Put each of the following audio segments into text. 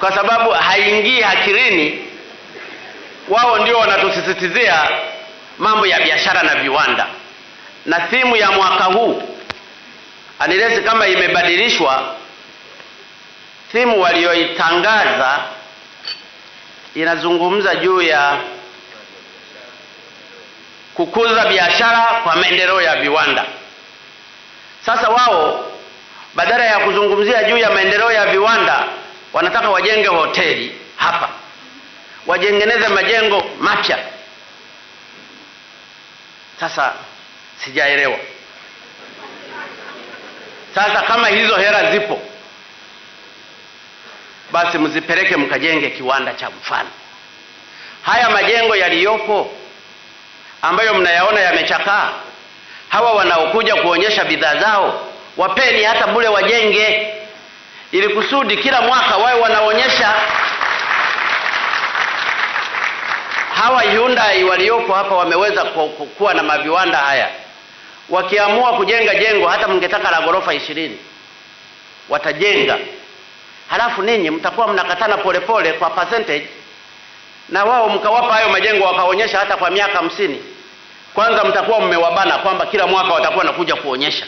kwa sababu haingii akilini. Wao ndio wanatusisitizia mambo ya biashara na viwanda, na simu ya mwaka huu anilezi kama imebadilishwa, simu walioitangaza inazungumza juu ya kukuza biashara kwa maendeleo ya viwanda. Sasa wao badala ya kuzungumzia juu ya maendeleo ya viwanda wanataka wajenge hoteli hapa, wajengeneze majengo mapya. Sasa sijaelewa. Sasa kama hizo hela zipo, basi mzipeleke mkajenge kiwanda cha mfano. Haya majengo yaliyopo ambayo mnayaona yamechakaa, hawa wanaokuja kuonyesha bidhaa zao, wapeni hata bure wajenge ili kusudi kila mwaka wawe wanaonyesha hawa Hyundai waliopo hapa wameweza kuwa na maviwanda haya. Wakiamua kujenga jengo hata mngetaka la ghorofa ishirini watajenga, halafu ninyi mtakuwa mnakatana polepole kwa percentage, na wao mkawapa hayo majengo wakaonyesha hata kwa miaka hamsini. Kwanza mtakuwa mmewabana kwamba kila mwaka watakuwa nakuja kuonyesha,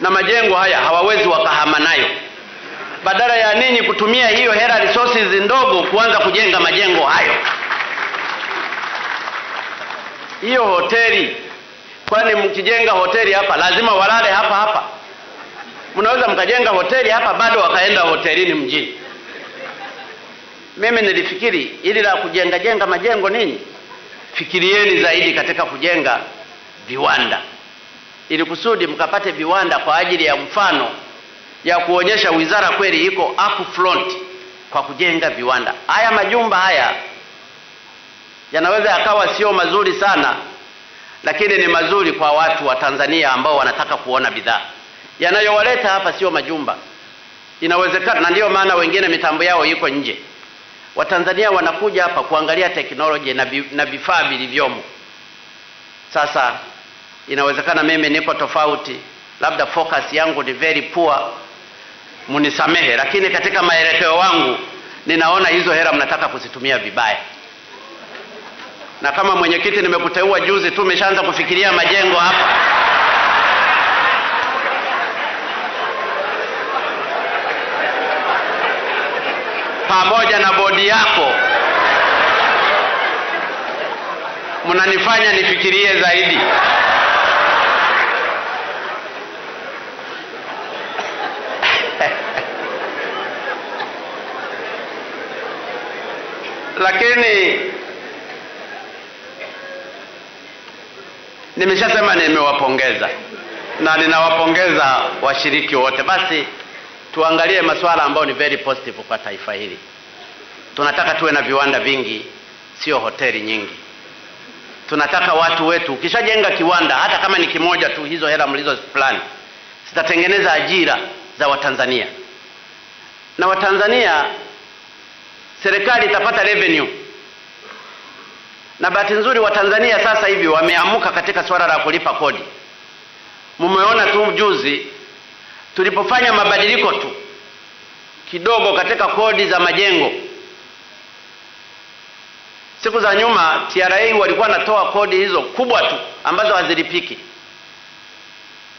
na majengo haya hawawezi wakahama nayo badala ya ninyi kutumia hiyo hela resources ndogo kuanza kujenga majengo hayo. Hiyo hoteli, kwani mkijenga hoteli hapa lazima walale hapa hapa? Mnaweza mkajenga hoteli hapa bado wakaenda hotelini mjini. Mimi nilifikiri ili la kujenga jenga majengo nini, fikirieni zaidi katika kujenga viwanda, ili kusudi mkapate viwanda kwa ajili ya mfano ya kuonyesha wizara kweli iko up front kwa kujenga viwanda. Haya majumba haya yanaweza yakawa sio mazuri sana, lakini ni mazuri kwa watu wa Tanzania ambao wanataka kuona bidhaa. Yanayowaleta hapa sio majumba, inawezekana, na ndiyo maana wengine mitambo yao iko nje. Watanzania wanakuja hapa kuangalia teknolojia na vifaa vilivyomo. Sasa inawezekana mimi niko tofauti, labda focus yangu ni very poor munisamehe, lakini katika maelekeo wangu ninaona hizo hela mnataka kuzitumia vibaya. Na kama mwenyekiti, nimekuteua juzi tu, umeshaanza kufikiria majengo hapa. Pamoja na bodi yako mnanifanya nifikirie zaidi. lakini nimeshasema nimewapongeza na ninawapongeza washiriki wote. Basi tuangalie masuala ambayo ni very positive kwa taifa hili. Tunataka tuwe na viwanda vingi, sio hoteli nyingi. Tunataka watu wetu, ukishajenga kiwanda hata kama ni kimoja tu, hizo hela mlizo plan zitatengeneza ajira za Watanzania na Watanzania serikali itapata revenue. Na bahati nzuri Watanzania sasa hivi wameamuka katika swala la kulipa kodi. Mumeona tu juzi tulipofanya mabadiliko tu kidogo katika kodi za majengo. Siku za nyuma TRA walikuwa wanatoa kodi hizo kubwa tu ambazo hazilipiki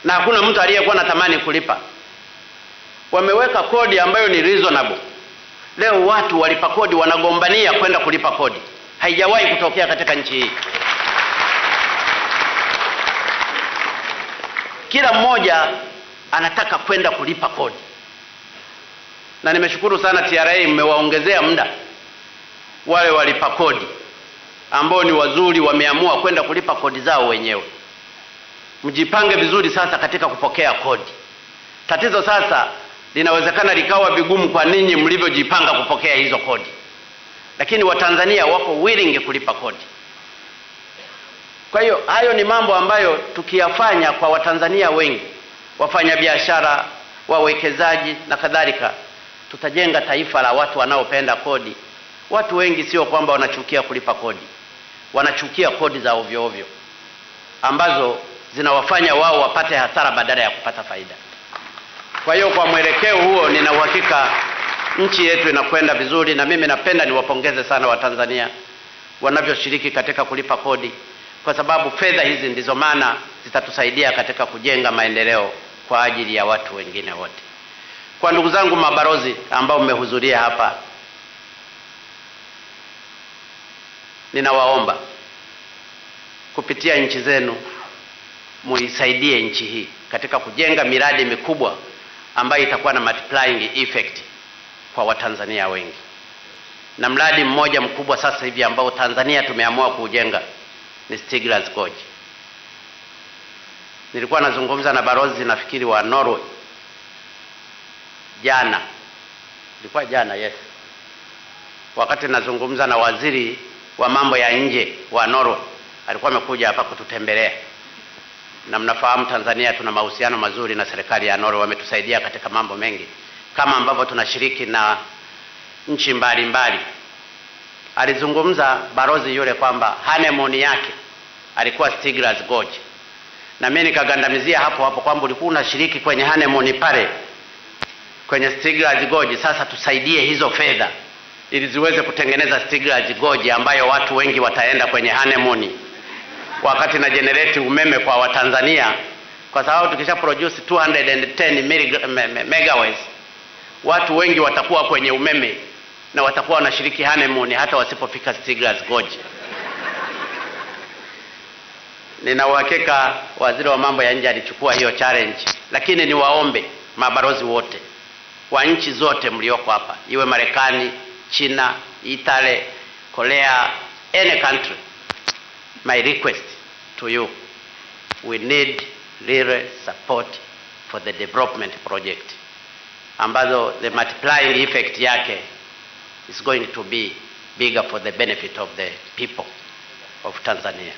na hakuna mtu aliyekuwa anatamani kulipa. Wameweka kodi ambayo ni reasonable. Leo watu walipa kodi wanagombania kwenda kulipa kodi, haijawahi kutokea katika nchi hii. Kila mmoja anataka kwenda kulipa kodi, na nimeshukuru sana TRA, mmewaongezea muda wale walipa kodi ambao ni wazuri, wameamua kwenda kulipa kodi zao wenyewe. Mjipange vizuri sasa katika kupokea kodi. Tatizo sasa linawezekana likawa vigumu kwa ninyi mlivyojipanga kupokea hizo kodi, lakini Watanzania wako willing kulipa kodi. Kwa hiyo hayo ni mambo ambayo tukiyafanya kwa Watanzania wengi, wafanyabiashara, wawekezaji na kadhalika, tutajenga taifa la watu wanaopenda kodi. Watu wengi sio kwamba wanachukia kulipa kodi, wanachukia kodi za ovyo ovyo ambazo zinawafanya wao wapate hasara badala ya kupata faida. Kwa hiyo kwa mwelekeo huo, nina uhakika nchi yetu inakwenda vizuri, na mimi napenda niwapongeze sana Watanzania wanavyoshiriki katika kulipa kodi, kwa sababu fedha hizi ndizo maana zitatusaidia katika kujenga maendeleo kwa ajili ya watu wengine wote. Kwa ndugu zangu mabalozi ambao mmehudhuria hapa, ninawaomba kupitia nchi zenu muisaidie nchi hii katika kujenga miradi mikubwa ambayo itakuwa na multiplying effect kwa Watanzania wengi, na mradi mmoja mkubwa sasa hivi ambao Tanzania tumeamua kuujenga ni Stiglas Gorge. Nilikuwa nazungumza na barozi nafikiri wa Norway jana, ilikuwa jana, yes, wakati nazungumza na waziri wa mambo ya nje wa Norway, alikuwa amekuja hapa kututembelea na mnafahamu Tanzania tuna mahusiano mazuri na serikali ya Norway. Wametusaidia katika mambo mengi kama ambavyo tunashiriki na nchi mbalimbali. Alizungumza barozi yule kwamba honeymoon yake alikuwa Stiglas Gorge, na mimi nikagandamizia hapo hapo kwamba ulikuwa unashiriki kwenye honeymoon pale kwenye Stiglas Gorge, sasa tusaidie hizo fedha ili ziweze kutengeneza Stiglas Gorge ambayo watu wengi wataenda kwenye honeymoon wakati na generate umeme kwa Watanzania, kwa sababu tukisha produce 210 megawatts watu wengi watakuwa kwenye umeme na watakuwa wanashiriki honeymoon hata wasipofika Stigler's Gorge. Nina uhakika waziri wa mambo ya nje alichukua hiyo challenge, lakini niwaombe mabalozi wote wa nchi zote mlioko hapa, iwe Marekani, China, Italy, Korea, any country, my request to you. We need real support for the development project ambazo the multiplying effect yake is going to be bigger for the benefit of the people of Tanzania.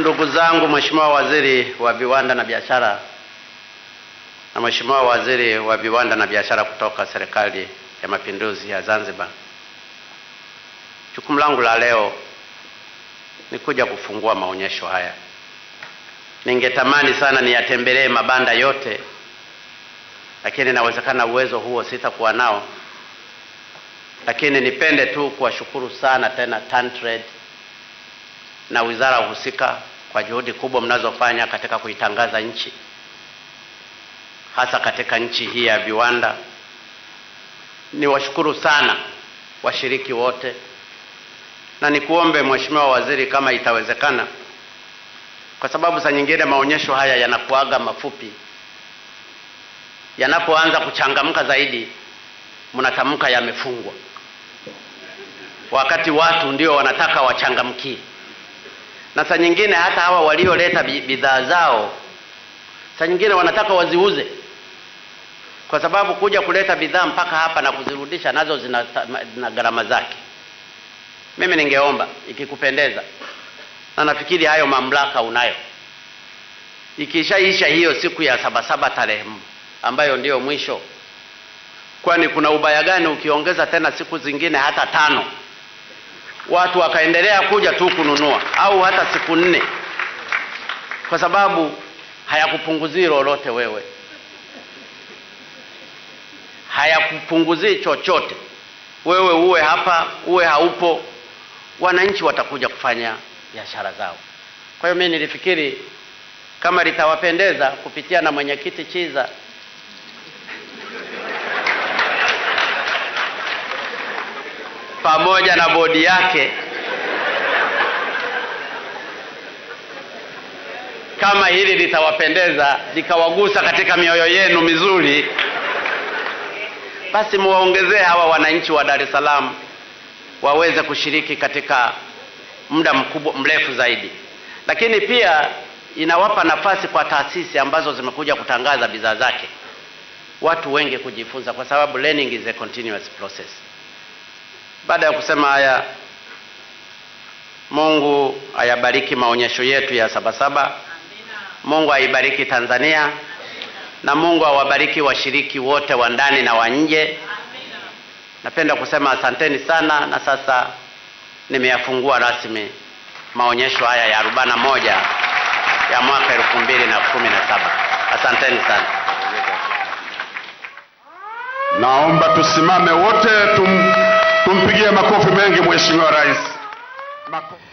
Ndugu zangu, Mheshimiwa Waziri wa Viwanda na Biashara na Mheshimiwa Waziri wa Viwanda na Biashara kutoka Serikali ya Mapinduzi ya Zanzibar Jukumu langu la leo ni kuja kufungua maonyesho haya. Ningetamani sana niyatembelee mabanda yote, lakini inawezekana uwezo huo sitakuwa nao, lakini nipende tu kuwashukuru sana tena TanTrade na wizara husika kwa juhudi kubwa mnazofanya katika kuitangaza nchi, hasa katika nchi hii ya viwanda. Niwashukuru sana washiriki wote na nikuombe Mheshimiwa Waziri, kama itawezekana, kwa sababu saa nyingine maonyesho haya yanakuaga mafupi, yanapoanza kuchangamka zaidi mnatamka yamefungwa, wakati watu ndio wanataka wachangamkie. Na saa nyingine hata hawa walioleta bidhaa zao saa nyingine wanataka waziuze, kwa sababu kuja kuleta bidhaa mpaka hapa na kuzirudisha nazo zina, zina gharama zake. Mimi ningeomba ikikupendeza, na nafikiri hayo mamlaka unayo, ikishaisha hiyo siku ya Sabasaba tarehe ambayo ndiyo mwisho, kwani kuna ubaya gani ukiongeza tena siku zingine hata tano, watu wakaendelea kuja tu kununua, au hata siku nne, kwa sababu hayakupunguzii lolote wewe, hayakupunguzii chochote wewe, uwe hapa uwe haupo wananchi watakuja kufanya biashara zao. Kwa hiyo mimi nilifikiri kama litawapendeza kupitia na mwenyekiti Chiza pamoja na bodi yake kama hili litawapendeza likawagusa katika mioyo yenu mizuri, basi muwaongezee hawa wananchi wa Dar es Salaam waweze kushiriki katika muda mkubwa mrefu zaidi, lakini pia inawapa nafasi kwa taasisi ambazo zimekuja kutangaza bidhaa zake watu wengi kujifunza, kwa sababu learning is a continuous process. Baada ya kusema haya, Mungu ayabariki maonyesho yetu ya Sabasaba. Mungu aibariki Tanzania na Mungu awabariki washiriki wote wa ndani na wa nje. Napenda kusema asanteni sana, na sasa nimeyafungua rasmi maonyesho haya ya 41 ya mwaka 2017. Asanteni sana. Naomba tusimame wote tum, tumpigie makofi mengi Mheshimiwa Rais. Makofi.